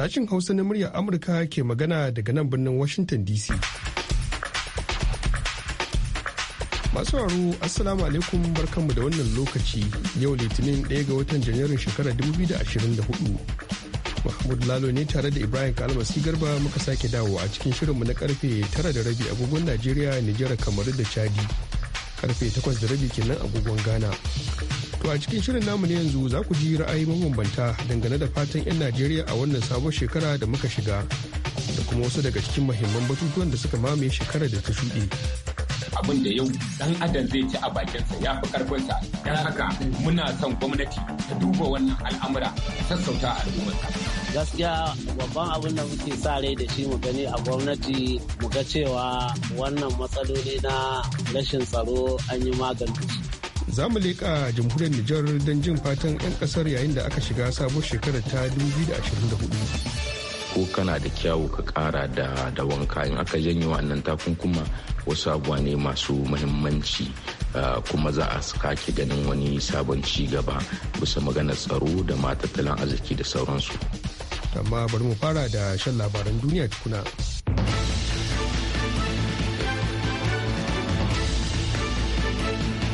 Sashin Hausa na muryar Amurka ke magana daga nan birnin Washington DC. Masu raro Assalamu alaikum barkanmu da wannan lokaci yau Litinin 1 ga watan Janairun shekarar 2024. Mahmud Lalo ne tare da Ibrahim Kalmasi Garba muka sake dawo a cikin shirinmu na karfe 9 da rabi agogon Najeriya, Nijar, Kamaru da Chadi. Karfe 8 da rabi kenan agogon Ghana. To a cikin shirin namu ne yanzu za ku ji ra'ayi mabambanta dangane da fatan 'yan Najeriya a wannan sabon shekara da muka shiga da kuma wasu daga cikin mahimman batutuwan da suka mamaye shekara da ta shuɗe. abin da yau dan adam zai ci a bakinsa ya fi karfinsa don haka muna son gwamnati ta duba wannan al'amura sassauta al'ummarsa. gaskiya babban abin da muke sa rai da shi mu gani a gwamnati mu ga cewa wannan matsaloli na rashin tsaro an yi magani za mu leƙa jamhuriyar Nijar don jin fatan 'yan ƙasar yayin da aka shiga sabon shekarar ta 2024. ko kana da kyawu ka kara da da wanka in aka janye wannan takunkuma wasu abuwa ne masu muhimmanci ah, kuma za a kake ganin wani sabon ci gaba bisa maganar tsaro da matattalin arziki da sauransu amma bari mu fara da shan labaran duniya tukuna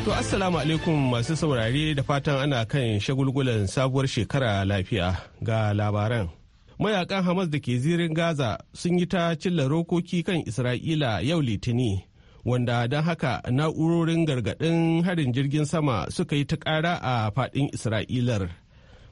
To Assalamu alaikum masu saurari da fatan ana kan shagulgulan sabuwar shekara lafiya ga labaran. Mayakan Hamas da ke zirin Gaza sun yi ta cilla rokoki kan Isra'ila yau Litini, wanda don haka na'urorin gargaɗin harin jirgin sama suka yi ta ƙara a faɗin Isra'ilar.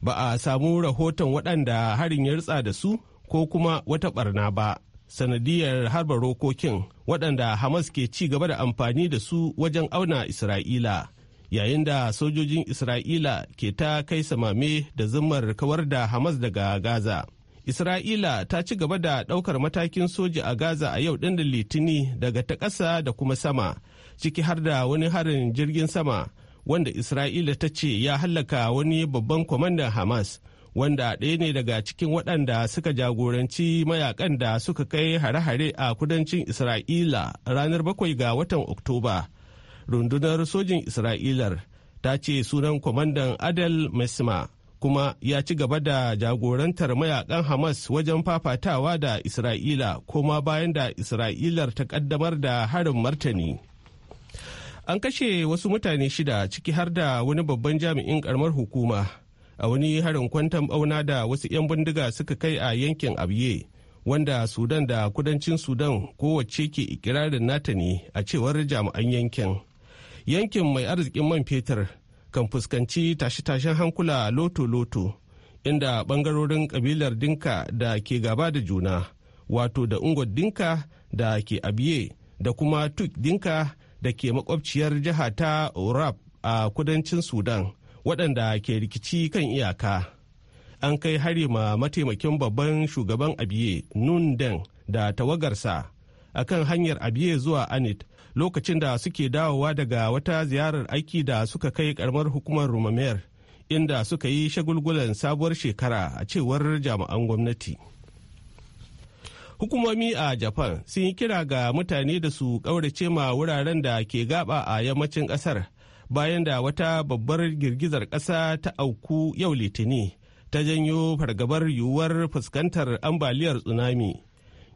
Ba a samu rahoton waɗanda harin ya da su ko kuma wata ɓarna ba. sanadiyar harba rokokin waɗanda Hamas ke ci gaba da amfani da su wajen auna Isra'ila. Yayin da sojojin Isra'ila ke ta kai samame da zumar kawar da Hamas daga Gaza. Isra'ila ta ci gaba da ɗaukar matakin soja a Gaza a yau ɗin da Litini daga ta ƙasa da kuma sama, ciki har da wani harin jirgin sama wanda Isra'ila ta ce ya hallaka wani babban kwamandan Hamas. wanda ɗaya ne daga cikin waɗanda suka jagoranci mayakan da suka kai hare-hare a kudancin isra'ila ranar bakwai ga watan oktoba rundunar sojin isra'ilar ta ce sunan kwamandan adel mesma kuma ya ci gaba da jagorantar mayakan hamas wajen fafatawa da isra'ila koma bayan da isra'ilar ta kaddamar da harin martani an kashe wasu mutane shida ciki har da wani babban jami'in karamar hukuma a wani harin kwantan bauna da wasu 'yan bindiga suka kai a yankin abiye wanda sudan da kudancin sudan kowace ke ikirarin nata ne a cewar jami'an yankin yankin mai arzikin man fetur kan fuskanci tashe-tashen hankula loto-loto inda bangarorin kabilar dinka da ke gaba da juna wato da ungo dinka da ke abiye da kuma tuk dinka da ke makwabciyar jiha ta orab a kudancin sudan waɗanda ke rikici kan iyaka an kai hari ma mataimakin babban shugaban abiye nun den da tawagarsa akan hanyar abiye zuwa anit lokacin da suke dawowa daga wata ziyarar aiki da suka kai karamar hukumar rumamer inda suka yi shagulgulan sabuwar shekara a cewar jami'an gwamnati hukumomi a japan sun yi kira ga mutane da su ƙaurace ma wuraren da ke gaba a yammacin ƙasar bayan da wata babbar girgizar ƙasa ta auku yau litini ta janyo fargabar yiwuwar fuskantar ambaliyar tsunami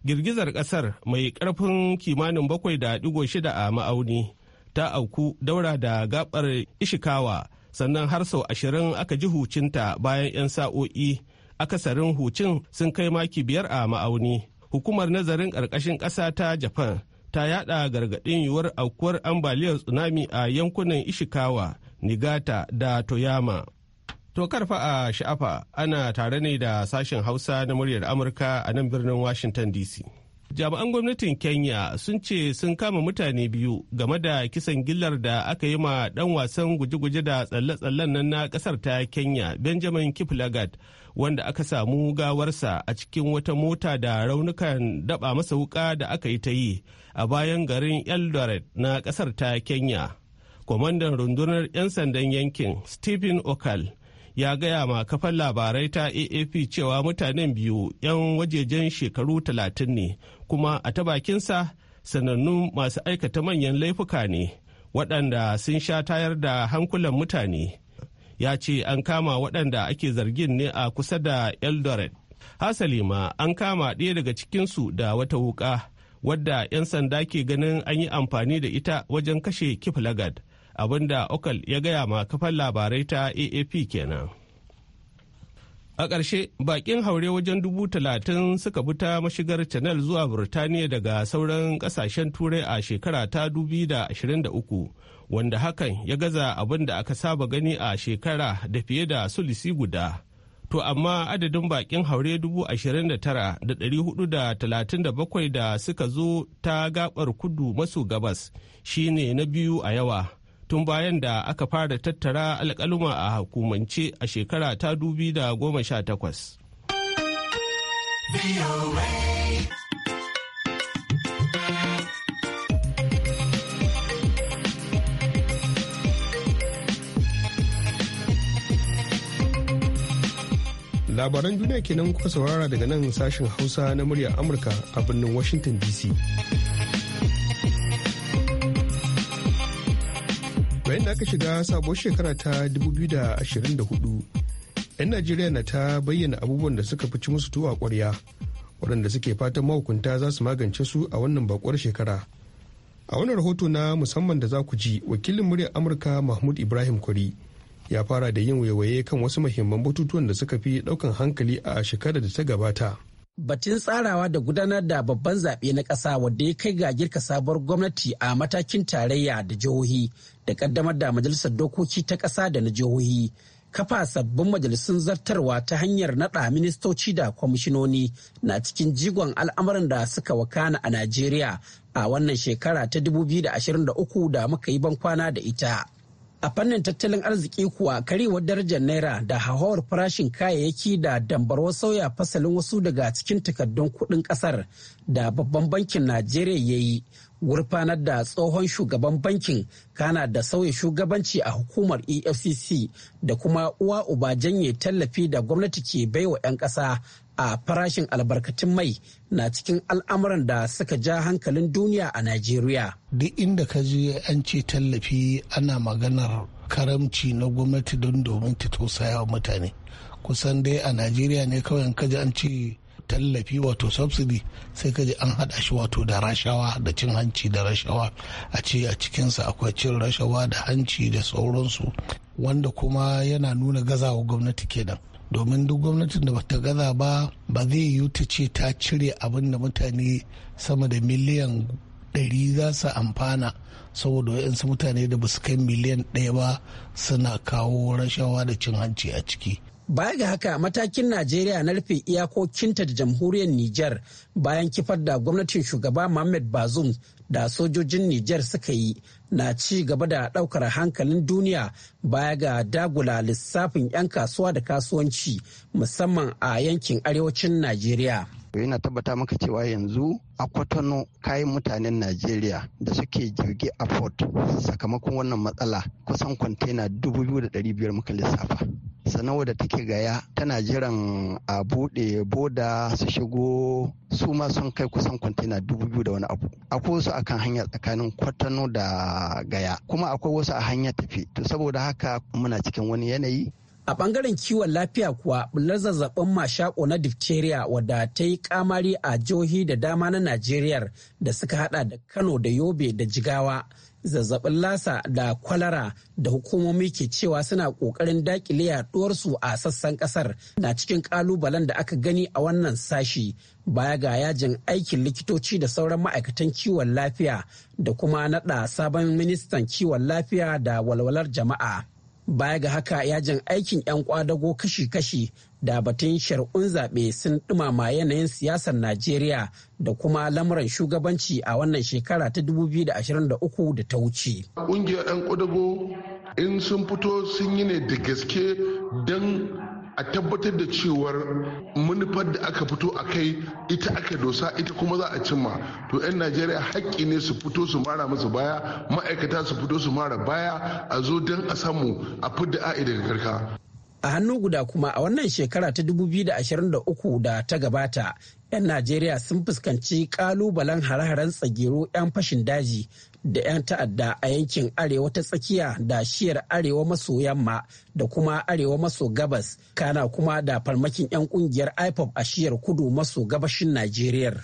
girgizar ƙasar mai ƙarfin kimanin bakwai da digo shida a ma'auni ta auku daura da gabar ishikawa sannan har sau ashirin aka ji hucinta bayan 'yan sa'o'i akasarin hucin sun kai maki biyar a ma'auni hukumar nazarin ƙarƙashin ƙasa ta japan ta yada gargaɗin yiwuwar aukuwar ambaliyar tsunami a yankunan ishikawa nigata da toyama to karfa a sha'afa ana tare ne da sashen hausa na muryar amurka a nan birnin washington dc jami'an gwamnatin kenya sun ce sun kama mutane biyu game da kisan gillar da aka yi ma dan wasan guje-guje da tsalle-tsallen nan na kasar ta kenya benjamin kiplagat wanda aka samu gawarsa a cikin wata mota da raunukan daba masa wuka da aka yi ta yi a bayan garin eldoret na kasar ta kenya kwamandan rundunar 'yan sandan yankin stephen okal ya gaya ma kafar labarai ta aap cewa mutanen biyu 'yan wajejen shekaru talatin ne kuma a ta bakinsa sanannun masu aikata manyan laifuka ne waɗanda sun sha tayar da hankulan mutane ya ce an kama waɗanda ake zargin ne a kusa da eldoret hasali ma an kama ɗaya daga cikinsu da wata wuƙa wadda 'yan sanda ke ganin an yi amfani da ita wajen kashe kiflagad abinda okal ya gaya ma kafar labarai ta aap kenan a ƙarshe baƙin haure wajen dubu talatin suka bi ta mashigar channel zuwa burtaniya daga sauran ƙasashen turai a shekara ta 2023 wanda hakan ya gaza abin da aka saba gani a shekara da fiye da sulisi guda. To amma adadin bakin haure 29,437 da suka zo ta gabar kudu maso gabas shine na biyu a yawa tun bayan da aka fara tattara alkaluma a hukumance a shekara ta 2018. labaran duniya kenan kuka saurara daga nan sashen hausa na murya amurka a birnin washington dc bayan da aka shiga sabuwar shekara ta 2024 'yan najeriya na ta bayyana abubuwan da suka fi ci musu tuwa kwarya waɗanda suke fatan mahukunta za su magance su a wannan bakwar shekara a wannan rahoto na musamman da za ku ji wakilin muryar amurka mahmud ibrahim kwari ya fara da yin waiwaye kan wasu mahimman batutuwan da suka fi daukan hankali a shekarar da ta gabata. Batun tsarawa da gudanar da babban zaɓe na ƙasa wanda ya kai ga girka sabuwar gwamnati a matakin tarayya da jihohi da ƙaddamar da majalisar dokoki ta ƙasa da na jihohi. Kafa sabbin majalisun zartarwa ta hanyar naɗa ministoci da kwamishinoni na cikin jigon al'amuran da suka wakana a Najeriya a wannan shekara ta 2023 da muka yi bankwana da ita. A fannin tattalin arziki kuwa karewar darajar naira da hauhawar farashin kayayyaki da dambarwar sauya fasalin wasu daga cikin takardun kuɗin ƙasar da babban bankin Najeriya ya yi gurfanar da tsohon shugaban bankin kana da sauya shugabanci a hukumar efcc da kuma uwa uba janye tallafi da gwamnati ke baiwa 'yan ƙasa a farashin albarkatun mai na cikin al'amuran da suka ja hankalin duniya a najeriya duk inda ka je an ce tallafi ana maganar karamci na gwamnati don domin ta tausaya wa mutane kusan dai a najeriya ne kawai an kaji an ce tallafi wato subsidy sai ka an haɗa shi wato da rashawa da cin hanci da rashawa a ce a cikinsa akwai cin rashawa da hanci da sauransu wanda kuma yana nuna gazawa gwamnati kenan domin duk gwamnatin da bata gaza ba ba zai yi ta ce ta cire abin da mutane sama da miliyan ɗari za su amfana saboda waɗansu mutane da ba su kai miliyan ɗaya ba suna kawo rashawa da cin hanci a ciki Baya ga haka matakin Najeriya na rufe iyakokinta da jamhuriyar Nijar bayan kifar da gwamnatin shugaba Mohamed Bazoum da sojojin Nijar suka yi na ci gaba da ɗaukar hankalin duniya baya ga dagula lissafin 'yan kasuwa da kasuwanci musamman a yankin arewacin Najeriya. yana tabbata maka cewa yanzu a kwatano kayan mutanen najeriya da suke jirgi a port sakamakon wannan matsala kusan kwantena 2,500 muka lissafa sanawa da take gaya tana jiran a bude boda su shigo su ma sun kai kusan kwantena dubu biyu da wani abu akwai wasu akan hanya tsakanin kwatano da gaya kuma akwai wasu a hanya tafi to saboda haka muna cikin wani yanayi a bangaren kiwon lafiya kuwa bular zazzabin mashako na diphtheria wadda ta yi kamari a jihohi da dama na najeriya da suka hada da kano da yobe da jigawa zazzabin lasa da kwalara da hukumomi ke cewa suna ƙoƙarin dakile yaduwarsu a sassan ƙasar na cikin ƙalubalen da aka gani a wannan sashi baya ga yajin aikin likitoci da sauran ma'aikatan kiwon lafiya da kuma naɗa sabon ministan kiwon lafiya da walwalar jama'a. baya ga haka yajin aikin 'yan kwadago kashi-kashi da batun shari'un zaɓe sun ɗumama yanayin siyasar najeriya da kuma lamuran shugabanci a wannan shekara ta 2023 da ta wuce ƙungiyar 'yan kwadago in sun fito sun yi ne da gaske don a tabbatar da cewar manufar da aka fito a kai ita aka dosa ita kuma za a cimma to 'yan najeriya haƙƙi ne su fito su mara musu baya ma'aikata su fito su mara baya a zo don a samu a fidda a'i daga karka a hannu guda kuma a wannan shekara ta 2023 da ta gabata 'yan najeriya sun fuskanci kalubalen hare-haren tsagero 'yan fashin daji da 'yan ta'adda a yankin arewa ta tsakiya da shiyar arewa maso yamma da kuma arewa maso gabas kana kuma da farmakin 'yan kungiyar ipop a shiyar kudu maso gabashin najeriya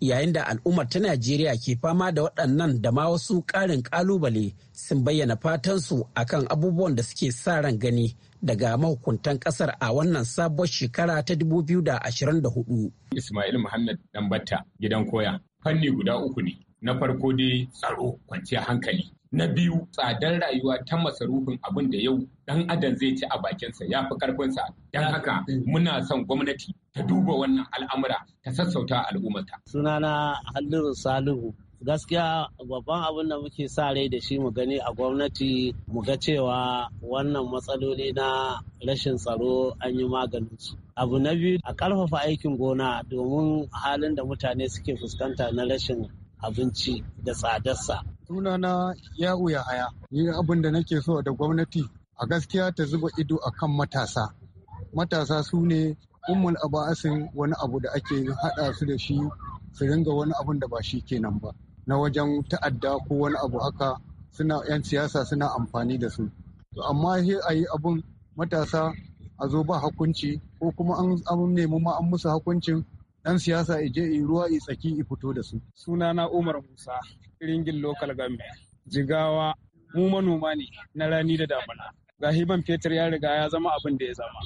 yayin da al'ummar ta najeriya ke fama da waɗannan da ma wasu ƙarin ƙalubale sun bayyana fatansu akan abubuwan da suke sa ran gani daga mahukuntan ƙasar a wannan sabuwar shekara ta 2024 ismail muhammad dambata gidan koya fanni guda uku ne na farko dai tsaro kwanciyar hankali na biyu tsadar rayuwa ta masarufin abin da yau dan adam zai ci a bakinsa ya fi karfinsa don haka muna son gwamnati ta duba wannan al'amura ta sassauta al'ummata sunana halliru salihu gaskiya babban abin da muke sa rai da shi mu gani a gwamnati mu ga cewa wannan matsaloli na rashin tsaro an yi maganin su abu na biyu a ƙarfafa aikin gona domin halin da mutane suke fuskanta na rashin abinci da tsadarsa. Sunana Ya'u Yahaya, ni abin da nake so da gwamnati a gaskiya ta zuba ido a kan matasa. Matasa su ne a aba'asin wani abu da ake haɗa su da shi su ringa wani abun da ba shi kenan ba. Na wajen ta'adda ko wani abu haka suna 'yan siyasa suna amfani da su. To Amma sai a yi abin matasa a zo ba hakunci ko kuma an nemi ma an musu hakuncin ɗan siyasa je i ruwa i tsaki i fito da su. Sunana Umar Musa, ringin Lokal government, jigawa mu manoma ne na rani da damuna. Ga hiban fetur ya riga ya zama abin da ya zama.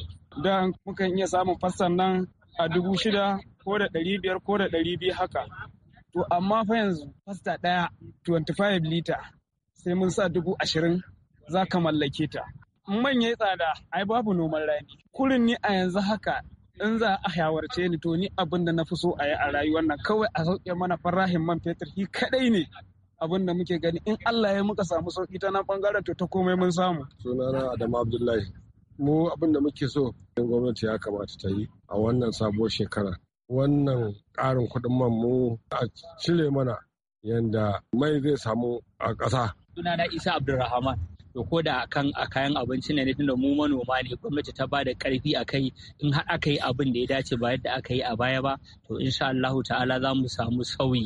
Da mukan iya samun fassan nan a dubu shida ko da ɗari biyar ko da ɗari biyu haka. To amma fa yanzu fasta ɗaya 25 lita sai mun sa dubu ashirin za ka mallake ta. manya tsada ai babu noman rani kurin ni a yanzu haka in za a hayawarce ni to ni abin da na fi so a yi a rayuwar nan kawai a sauke mana farahin man fetur shi kadai ne abin da muke gani in Allah ya muka samu sauki ta nan bangaren to ta komai mun samu sunana Adamu Abdullahi mu abin da muke so gwamnati ya kamata ta yi a wannan sabuwar shekara wannan karin kuɗin man mu a cire mana yanda mai zai samu a ƙasa sunana Isa Abdulrahman to ko da kan a kayan abinci ne tunda mu manoma ne gwamnati ta bada karfi a kai in har aka yi abin da ya dace ba yadda aka yi a baya ba to insha Allahu ta'ala za mu samu sauyi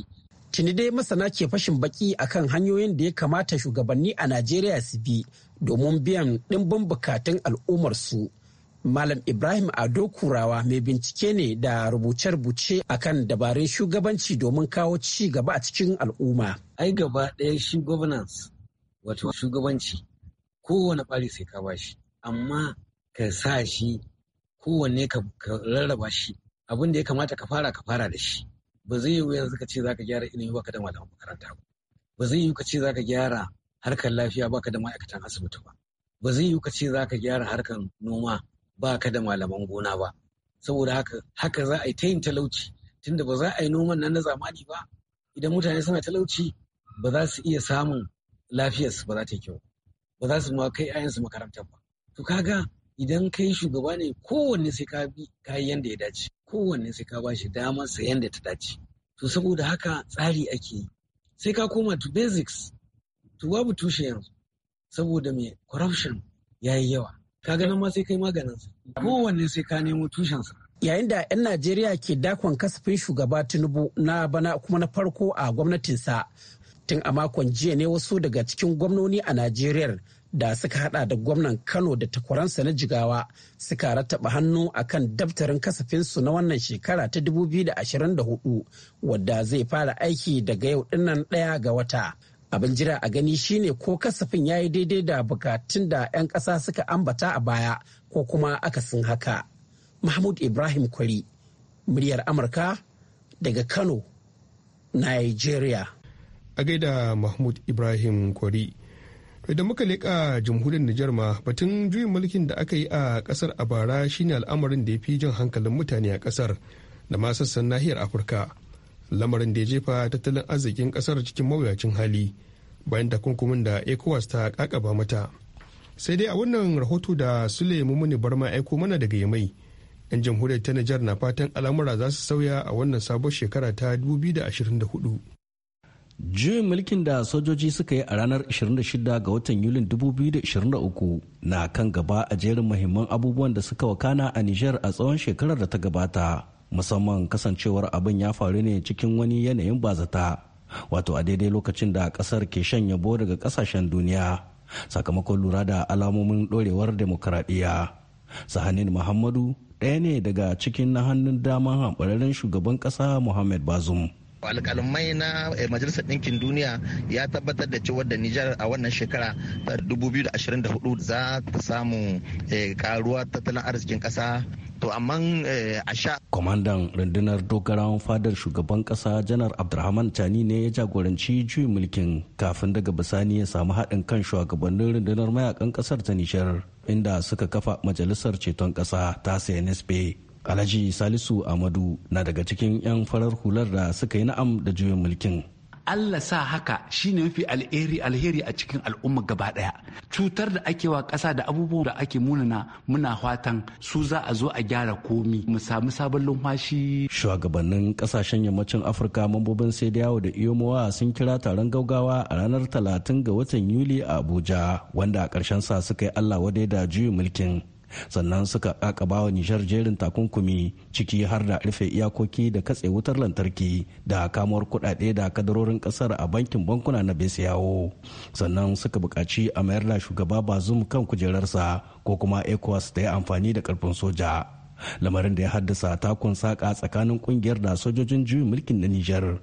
tuni dai masana ke fashin baki akan hanyoyin da ya kamata shugabanni a Najeriya su bi domin biyan dimbin bukatun al'ummar su Malam Ibrahim Ado Kurawa mai bincike ne da rubuce-rubuce akan dabarun shugabanci domin kawo ci gaba a cikin al'umma. Ai gaba ɗaya shi shugabanci kowane ɓari sai ka bashi amma ka sa shi kowanne ka rarraba shi abin da ya kamata ka fara ka fara da shi ba zai yiwu yanzu ka ce za ka gyara ilimi ka da malaman makaranta ba ba zai yiwu ka ce za ka gyara harkar lafiya ba ka da ma'aikatan asibiti ba ba zai yiwu ka ce za ka gyara harkar noma ka da malaman gona ba saboda haka haka za a yi ta yin talauci tunda ba za a yi noman nan na zamani ba idan mutane suna talauci ba za su iya samun lafiyarsu ba za ta yi kyau ba za su ma kai 'ya'yansu makarantar ba to kaga idan kai shugaba ne kowanne sai ka bi yanda ya dace kowanne sai ka bashi damar sa yanda ta dace to saboda haka tsari ake yi sai ka koma to basics to babu tushe yanzu saboda me corruption ya yi yawa ka ganin ma sai kai maganin sa kowanne sai ka nemo tushen sa yayin da 'yan najeriya ke dakon kasafin shugaba tinubu na bana kuma na farko a gwamnatinsa tun a makon jiya ne wasu daga cikin gwamnoni a najeriya da suka hada da gwamnan kano da takwaransa na jigawa suka rattaba hannu akan daftarin kasafinsu na wannan shekara ta 2024 wadda zai fara aiki daga yau dinnan daya ga wata abin jira a gani shine ko kasafin ya yi daidai da bukatun da 'yan ƙasa suka ambata a baya ko kuma aka akasin haka mahmud ibrahim kwari muryar amurka daga kano nigeria a gaida mahmud ibrahim kwari da muka leƙa jamhuriyar nijar ma batun juyin mulkin da aka yi a ƙasar a bara shine al'amarin da ya fi jan hankalin mutane a ƙasar da ma sassan nahiyar afirka lamarin da ya jefa tattalin arzikin ƙasar cikin mawuyacin hali bayan takunkumin da ecowas ta kakaba mata sai dai a wannan rahoto da sule mumuni barma aiko mana daga yamai yan jamhuriyar ta nijar na fatan al'amura za su sauya a wannan sabon shekara ta 2024 Juyin mulkin da sojoji suka yi a ranar 26 ga watan Yulin 2023 na kan gaba a jerin mahimman abubuwan da suka wakana a Nijar a tsawon shekarar da ta gabata, musamman kasancewar abin ya faru ne cikin wani yanayin bazata, wato a daidai lokacin da kasar ke shan yabo daga kasashen duniya, sakamakon lura da alamomin ɗorewar demokaradiyya. Sahanin Muhammadu ɗaya ne daga cikin na hannun daman shugaban ƙasa Muhammad Bazum. alƙalmai na eh, majalisar ɗinkin duniya ya tabbatar da cewa da nijar a wannan shekara ta 2024 za ta samu karuwa eh, tattalin arzikin ƙasa to amma eh, a sha kwamandan rundunar dogaran fadar shugaban kasa janar abdulrahman Chani ne ya jagoranci juyin mulkin kafin daga bisani ya samu haɗin kan shugabannin rundunar mayakan kasar ta nijar inda suka kafa majalisar ceton kasa ta cnsp alhaji salisu amadu na daga cikin 'yan farar hular da suka yi na'am da juyin mulkin Allah sa haka shine mafi alheri alheri a cikin al'umma gaba daya cutar da ake wa kasa da abubuwan da ake munana muna fatan su za a zo a gyara komi mu samu sabon lumfashi shugabannin kasashen yammacin afirka mambobin sai da yawo da iyomowa sun kira taron gaugawa a ranar talatin ga watan yuli a abuja wanda a karshen sa suka yi allah wadai da juyin mulkin sannan suka kakaba wa nijar jerin takunkumi ciki har da rufe iyakoki da katse wutar lantarki da kamuwar kuɗaɗe da kadarorin ƙasar a bankin bankuna na besiyawo sannan suka buƙaci a mayar da shugaba bazum kan kujerarsa ko kuma ecowas ta ya amfani da karfin soja lamarin da ya haddasa takun saƙa tsakanin ƙungiyar da sojojin juyin mulkin na nijar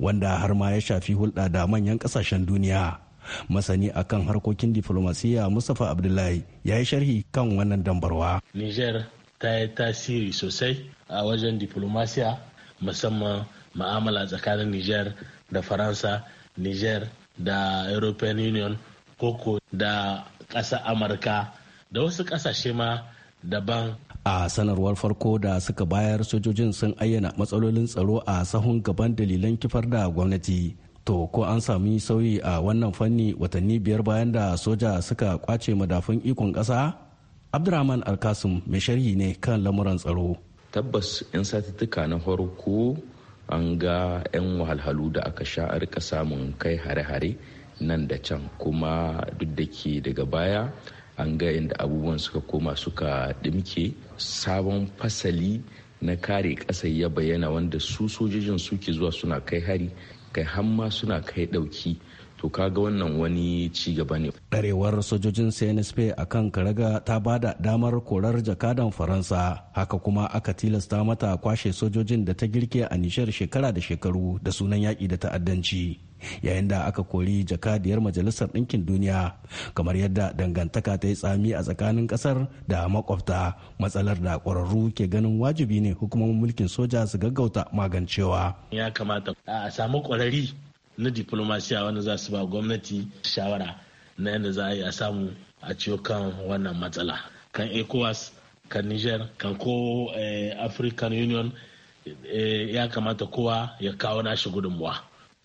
wanda har ma ya shafi hulɗa da manyan ƙasashen duniya masani a kan harkokin diflomasiyya mustapha abdullahi ya yi sharhi kan wannan dambarwa niger ta yi tasiri sosai a wajen diflomasiya musamman ma'amala tsakanin niger da faransa niger da european union koko da ƙasa amurka da wasu ƙasashe ma daban a sanarwar farko da suka bayar sojojin sun ayyana matsalolin tsaro a sahun gaban dalilan kifar da gwamnati to ko an sami sauyi a wannan fanni watanni biyar bayan da soja suka kwace madafun ikon ƙasa abdurrahman alkasim mai sharhi ne kan lamuran tsaro tabbas 'yan satuttuka na farko an ga 'yan wahalhalu da aka sha a rika samun kai hare-hare nan da can kuma duk da ke daga baya an ga inda abubuwan suka koma suka dimke sabon fasali na kare ƙasa ya bayyana wanda su sojojin suke zuwa suna kai hari kai hamma suna kai ɗauki to kaga wannan wani ci gaba ne. Ɗarewar sojojin CNSP a kan Karaga ta bada damar korar jakadan Faransa haka kuma aka tilasta mata kwashe sojojin da ta girke a nishar shekara da shekaru da sunan yaƙi da ta'addanci. yayin da aka kori jakadiyar majalisar ɗinkin duniya kamar yadda dangantaka ta yi tsami a tsakanin ƙasar da makwabta matsalar da ƙwararru ke ganin wajibi ne hukumomin mulkin soja su gaggauta magancewa ya kamata a samu ƙwararri na diplomasiya wanda za su ba gwamnati shawara na yadda za a yi a samu a ciwo kan wannan matsala kan ecowas kan niger kan ko eh, african union eh, ya kamata kowa ya kawo nashi gudunmuwa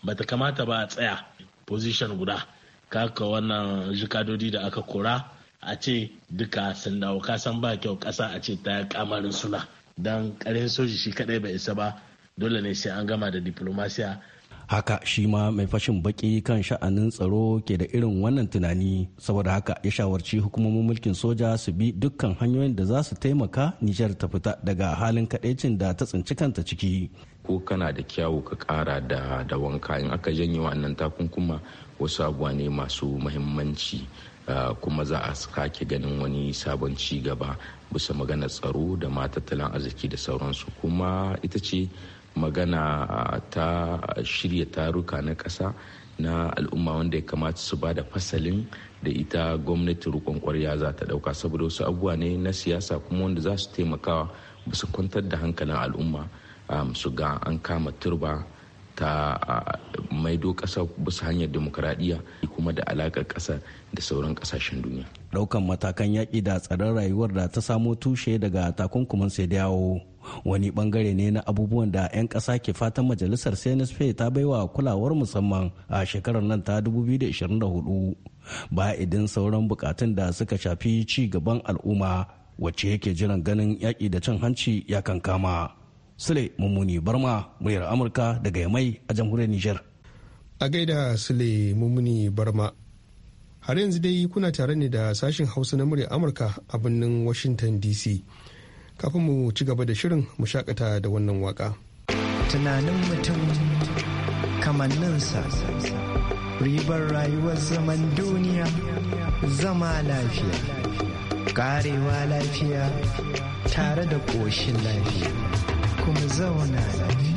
bata kamata ba a tsaya position guda kaka wannan jikadodi da aka kora a ce duka sun dawo kasan ba kyau kasa a ce ta kamarin suna don karin soji shi kadai bai isa ba dole ne sai an gama da diplomasiya haka shi ma mai fashin baki kan sha'anin tsaro ke da irin wannan tunani saboda haka ya shawarci hukumomin mulkin soja su bi dukkan hanyoyin da za su taimaka nijar ta fita daga halin kadaicin da ta tsinci kanta ciki ko kana da kyawu ka kara da da wanka in aka janye wannan takunkuma wasu abuwa ne masu mahimmanci ah, kuma za a sake ganin wani sabon ci gaba bisa magana tsaro da ma tattalin arziki da sauransu kuma ita ce magana ah, ta shirya taruka na ƙasa na al'umma wanda ya kamata su ba da fasalin da ita gwamnati rukon kwarya za ta ɗauka saboda wasu abuwa ne na siyasa kuma wanda za su taimakawa bisa kwantar da hankalin al'umma Um, su ga an kama turba ta maido ƙasa bisa hanyar demokuraɗiyya kuma da alaƙar ƙasa da sauran ƙasashen duniya. Ɗaukan matakan yaƙi da tsaron rayuwar da ta samo tushe daga takunkuman sai yawo wani bangare ne na abubuwan da 'yan ƙasa ke fatan majalisar CNSP ta baiwa kulawar musamman a shekarar nan ta 2024 ba idan sauran bukatun da suka shafi ci gaban al'umma wacce yake jiran ganin yaƙi da cin hanci ya kankama. kama. Sule Mummuni Barma muryar Amurka daga Yamai a jamhuriyar Nijar. A gaida Sule Mummuni Barma. Har yanzu dai kuna tare ne da sashen Hausa na muryar Amurka a birnin Washington DC. Kafin mu ci gaba da shirin mu shakata da wannan waka. Tunanin mutum sasa, ribar rayuwar zaman duniya zama lafiya karewa lafiya tare da ƙoshin lafiya. kumezaa wanani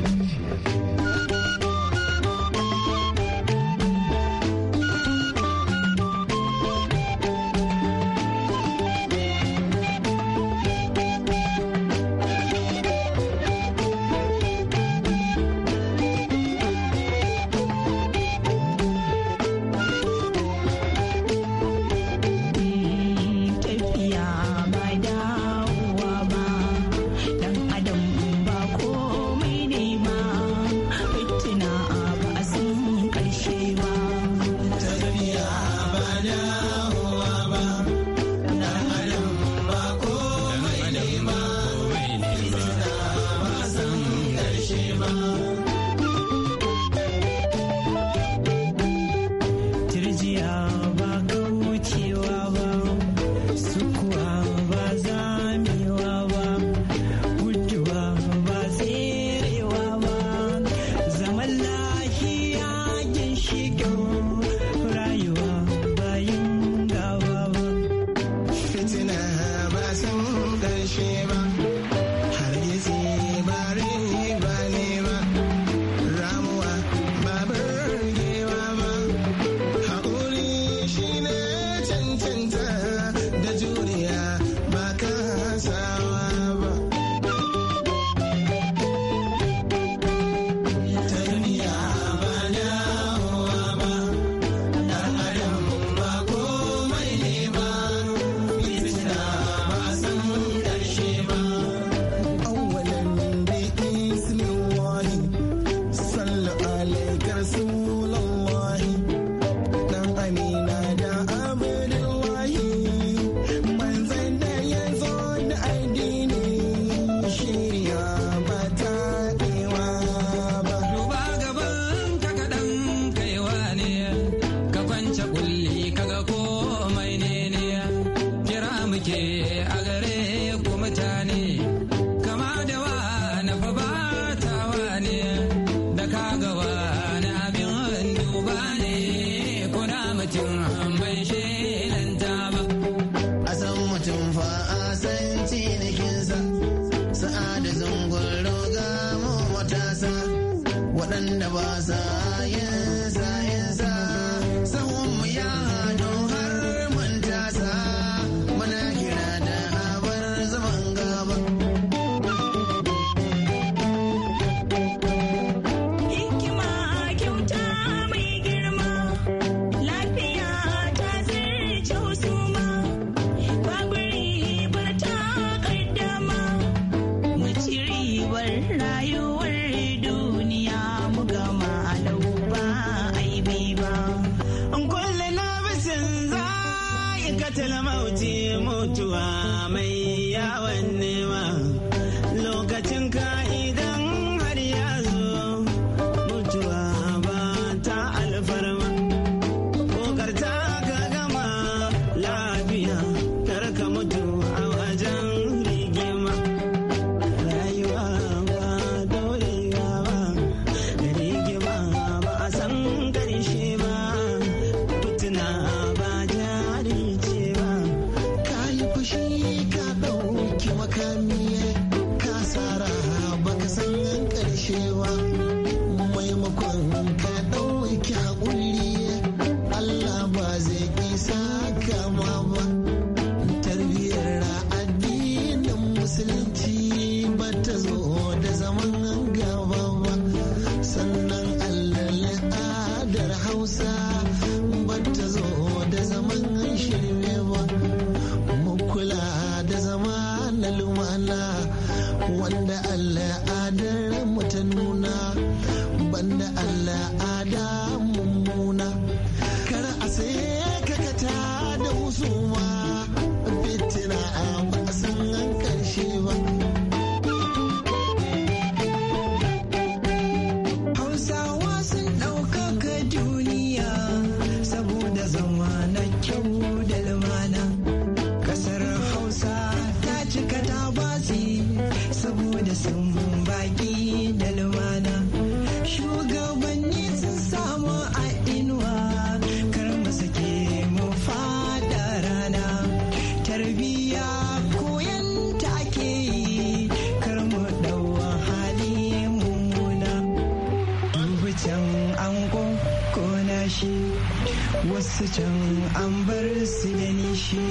na lumana wanda Allah adar mu ta nuna banda Allah ada mummuna kar a sai can an bar su da nishi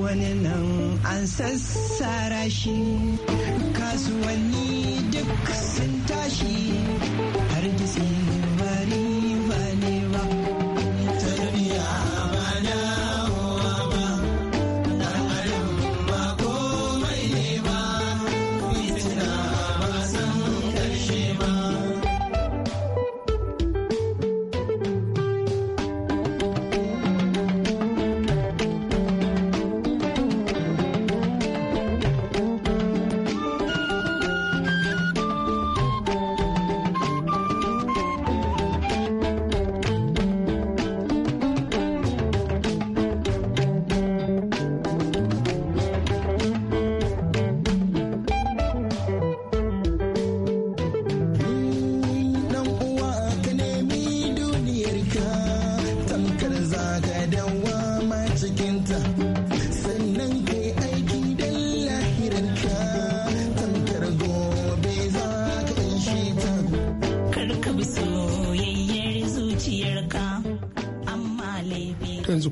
wani nan an sassara shi kasuwanni duk sun tashi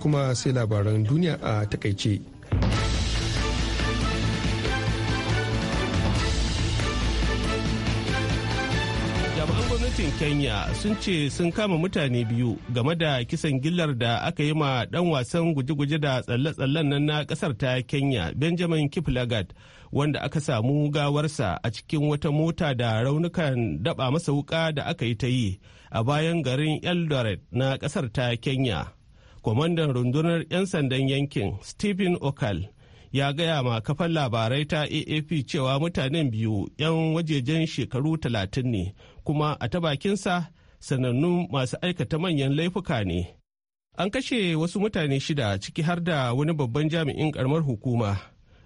kuma sai labaran duniya a takaice. jami'an gwamnatin kenya sun ce sun kama mutane biyu game da kisan gillar da aka yi ma dan wasan guje-guje da tsalle-tsallen nan na kasar ta kenya benjamin kiplagat wanda aka samu gawarsa a cikin wata mota da raunukan daba masa wuka da aka yi ta yi a bayan garin eldoret na kasar ta kenya kwamandan rundunar 'yan sandan yankin stephen okal ya gaya ma kafan labarai ta aap cewa mutanen biyu 'yan wajejen shekaru talatin ne kuma a ta bakinsa sanannun masu aikata manyan laifuka ne an kashe wasu mutane shida ciki har da wani babban jami'in karamar hukuma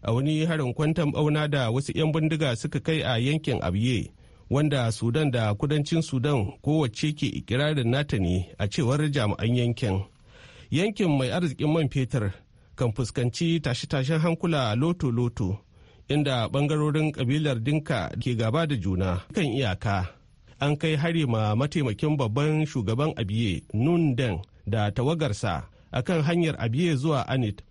a wani harin kwantan bauna da wasu 'yan bindiga suka kai a yankin abiye wanda sudan da kudancin sudan kowace ke ikirarin nata ne a cewar jami'an yankin yankin mai arzikin man fetur kan fuskanci tashe-tashen hankula loto-loto inda bangarorin kabilar dinka ke gaba da juna kan iyaka an kai hari ma mataimakin babban shugaban abiye nun den da tawagarsa akan hanyar abiye zuwa anit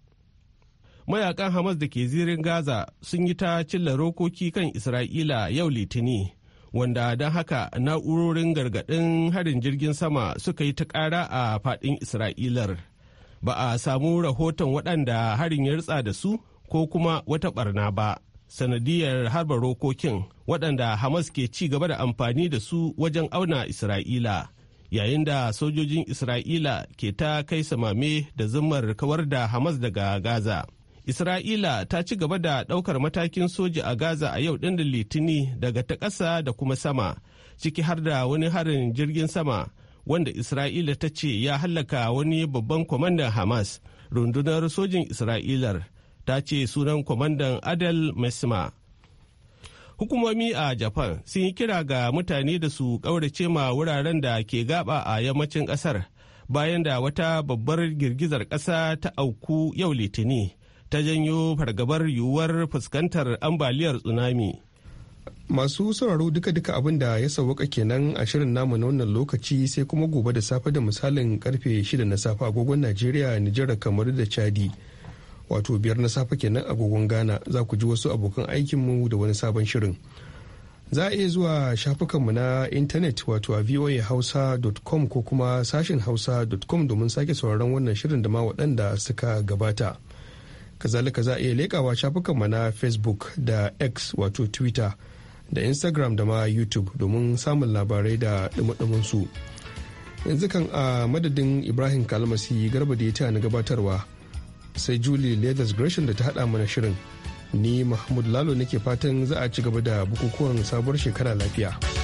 mayakan hamas da ke zirin gaza sun yi ta cilla rokoki kan isra'ila yau litini wanda don haka na'urorin gargadin harin jirgin sama suka yi ta ƙara a faɗin isra'ilar ba a samu rahoton waɗanda harin ya ritsa da su ko kuma wata barna ba sanadiyar harba rokokin waɗanda hamas ke ci gaba da amfani da su wajen auna isra'ila yayin da sojojin isra'ila ke ta kai samame da zimmar kawar da hamas daga gaza isra'ila ta ci gaba da ɗaukar matakin soja a gaza a yau ɗin da litini daga ta ƙasa da kuma sama ciki har da wani harin jirgin sama wanda isra'ila ta ce ya hallaka wani babban kwamandan hamas rundunar sojin isra'ilar ta ce sunan kwamandan adel mesma hukumomi a japan sun yi kira ga mutane da su ƙaurace ma wuraren da ke gaba a yammacin ƙasar bayan da wata babbar girgizar ƙasa ta auku yau litini ta janyo fargabar yiwuwar fuskantar ambaliyar tsunami masu sauraro duka-duka abin da ya sauwaka kenan a shirin namu na wannan lokaci sai kuma gobe da safe da misalin karfe 6 na safe agogon najeriya nijar kamar da chadi wato biyar na safe kenan agogon ghana za ku ji wasu abokan aikinmu da wani sabon shirin za a iya zuwa shafukanmu na intanet wato a voahausa.com ko kuma sashin hausa.com domin sake sauraron wannan shirin da ma waɗanda suka gabata kazalika za a iya leƙawa shafukanmu na facebook da x wato twitter da instagram da ma youtube domin samun labarai da su yanzu kan a madadin ibrahim kalmasi garba da ya ta na gabatarwa sai julie leathers gresham da ta hada mana shirin ni mahmud lalo nake fatan za a ci gaba da bukukuwan sabuwar shekara lafiya.